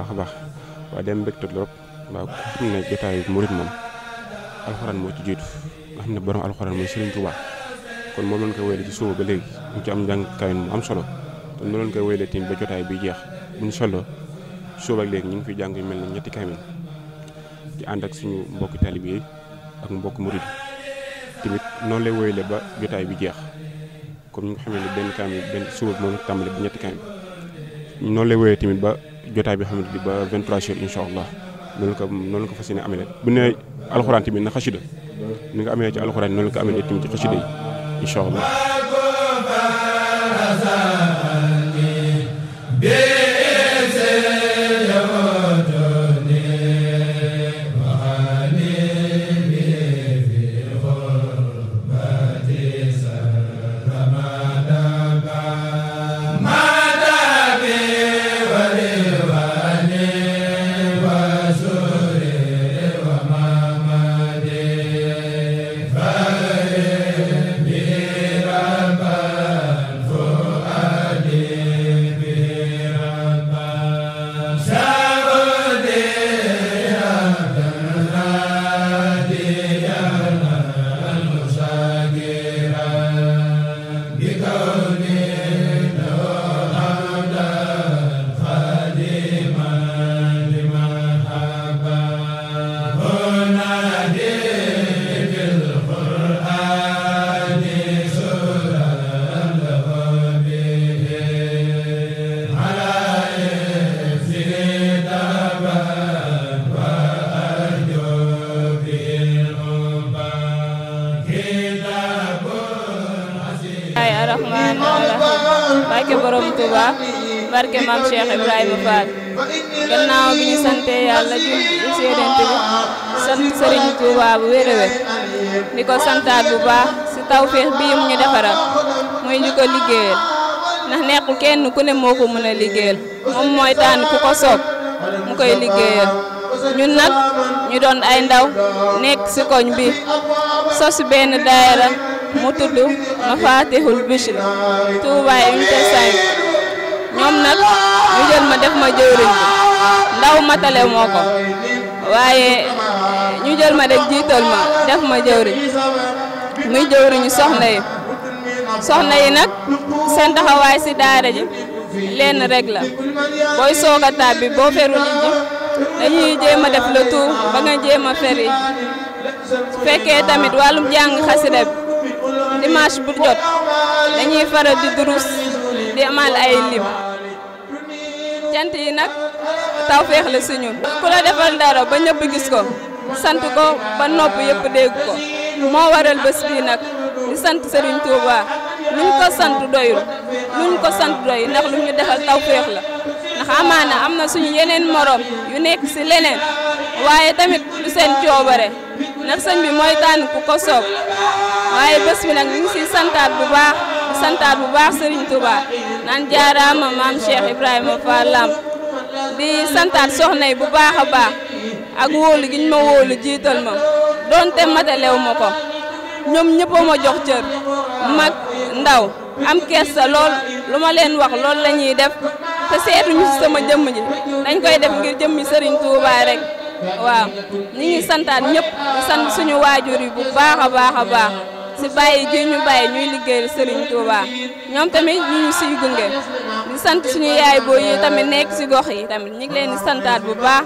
baax a baax waaye dem mbégte trop waaw xam ne jotaay murit moom alxuraan moo ci jiitu nga xam ne borom alxuraan mooy Serigne Touba kon moom lañ koy wéyale ci suba ba léegi ñu ci am njàng kaay mu am solo te noonu koy wéyale tamit ba jotaay bi jeex bu ñu solo suba léegi ñu ngi fi jàng mel ni ñetti kaamil ci ànd ak suñu mbokk talib ak mbokk murit tamit noonu lay wéyale ba jotaay bi jeex kon ñu nga xamee ne benn kaamil benn suba moom tàmbali ba ñetti kaamil noonu lay wéyale tamit ba. jotaay bi xamante ni ba 23h incha allah noonu la ko noonu la ko fas yéene amee bu ne alxuraan tamit na xasida ni nga amee ci alxuraan noonu la ko amee tamit ci xasida yi incha barke borom Touba yàlla jul si yonent sant sëriñ Touba bu wér a wér di ko santaat bu baax si tawféex bii mu ñu defaral muy ñu ko liggéeyal ndax neexu kenn ku ne moo ko mën liggéeyal moom mooy tànn ku ko soob mu koy liggéeyal ñun nag ñu doon ay ndaw nekk si koñ bi sos benn daayira mu tudd Mafatihul Bichri Touba unité 5 ñoom nag ñu jël ma def ma jëwriñ bi ndaw matale moo waaye ñu jël ma def jiital ma def ma jëwriñ muy jëwriñu soxna yi soxna nag seen si daara ji lenn rek la booy soog boo feru nit ñi dañuy jéem def le tout ba nga jéem a feri fekkee tamit wàllum jàng xasida bi dimanche bu jot dañuy faral di durus di amal ay lim cant yi nag tawféex la si ñun. ku la defal dara ba ñëpp gis ko sant ko ba nopp yëpp dégg ko moo waral bés bii nag di sant Serigne Touba luñ ko sant doyul luñ ko sant doy ndax lu ñu defal tawféex la ndax amaana am na suñu yeneen morom yu nekk si leneen waaye tamit du seen coobare ndax sëñ bi mooy tànn ku ko soob. waaye bés bi nag ñi ngi siy santaat bu baax santaat bu baax Serigne Touba naan jaaraama maam Cheikh Ibrahima Fall Lamp di santaat soxna yi bu baax a baax ak wóolu gi ñu ma wóolu jiital ma donte matalew ma ko ñoom ñëpp ma jox cër mag ndaw am kersa lool lu ma leen wax lool la ñuy def te seetuñu si sama jëmm ji dañ koy def ngir jëmmi Serigne Touba rek waaw ñu ngi santaat ñëpp sant suñu waajur yi bu baax a baax a baax si bàyyi ji ñu bàyyi ñuy liggéeyal Serigne Touba ñoom tamit ñu ñu siy di sant suñu yaay boo yi tamit nekk si gox yi tamit ñu ngi leen di santaat bu baax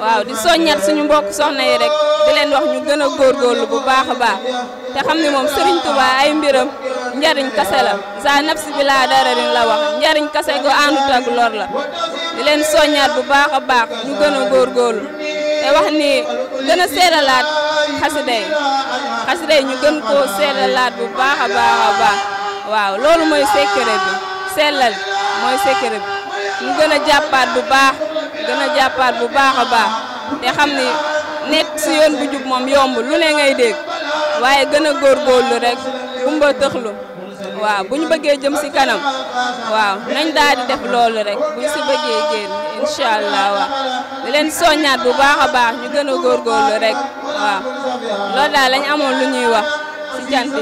waaw di soññat suñu mbokk soxna yi rek di leen wax ñu gën a góorgóorlu bu baax a baax te xam ne moom Serigne Touba ay mbiram njariñ kase la sa nafsi bi laa dara rin la wax njariñ kase gu àndut ak lor la di leen soññat bu baax a baax ñu gën a góorgóorlu te wax ni gën a seeralaat xasida yi ñu gën koo seeralaat bu baax a baax waaw loolu mooy secret bi sellal mooy secret bi ñu gën a jàppaat bu baax gën jàppaat bu baax a baax te xam ni nekk si bu jub moom yomb lu ne ngay dégg waaye gën góor góorgóorlu rek kumba tëxlu waaw bu ñu bëggee jëm si kanam waaw nañ daa def loolu rek bu ñu si bëggee génn incha allah waaw di leen soññaat bu baax a baax ñu gën a góorgóorlu rek waaw loolu daal lañ amoon lu ñuy wax si cant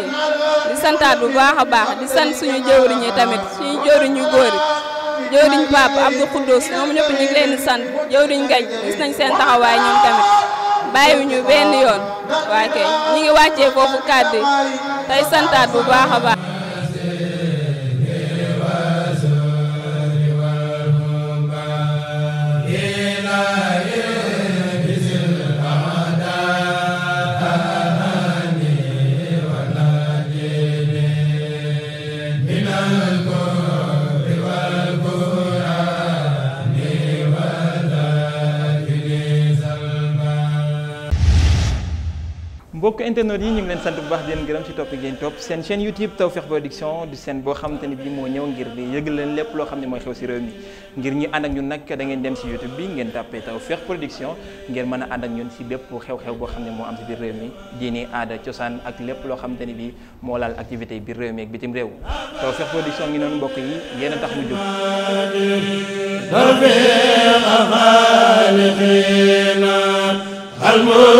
di santaat bu baax a baax di sant suñu jëwriñ yi tamit suñu jëwriñ yu góor yi jëwriñ Pape Abdou Khoudous ñoom ñëpp ñu ngi leen di sant jëwriñ Gañ gis nañ seen taxawaay ñoom tamit bàyyiwuñu benn yoon waaye kay ñu ngi wàccee foofu kàddu tey santaat bu baax a baax. mbokk internet yi ñu ngi leen sant bu baax di leen gërëm ci topp gi seen chaîne YouTube Tawfekh Production du seen boo xamante ni bii moo ñëw ngir di yëgal lépp loo xam ne mooy xew ci réew mi ngir ñu ànd ak ñun nag da ngeen dem ci YouTube bi ngeen tàppee Tawfekh Production ngeen mën a ànd ak ñun ci bépp xew-xew boo xam ne moo am ci biir réew mi diini aada cosaan ak lépp loo xamante ni bii moo laal activité biir réew mi ak bitim réew Tawfekh Production ngi noonu mbokk a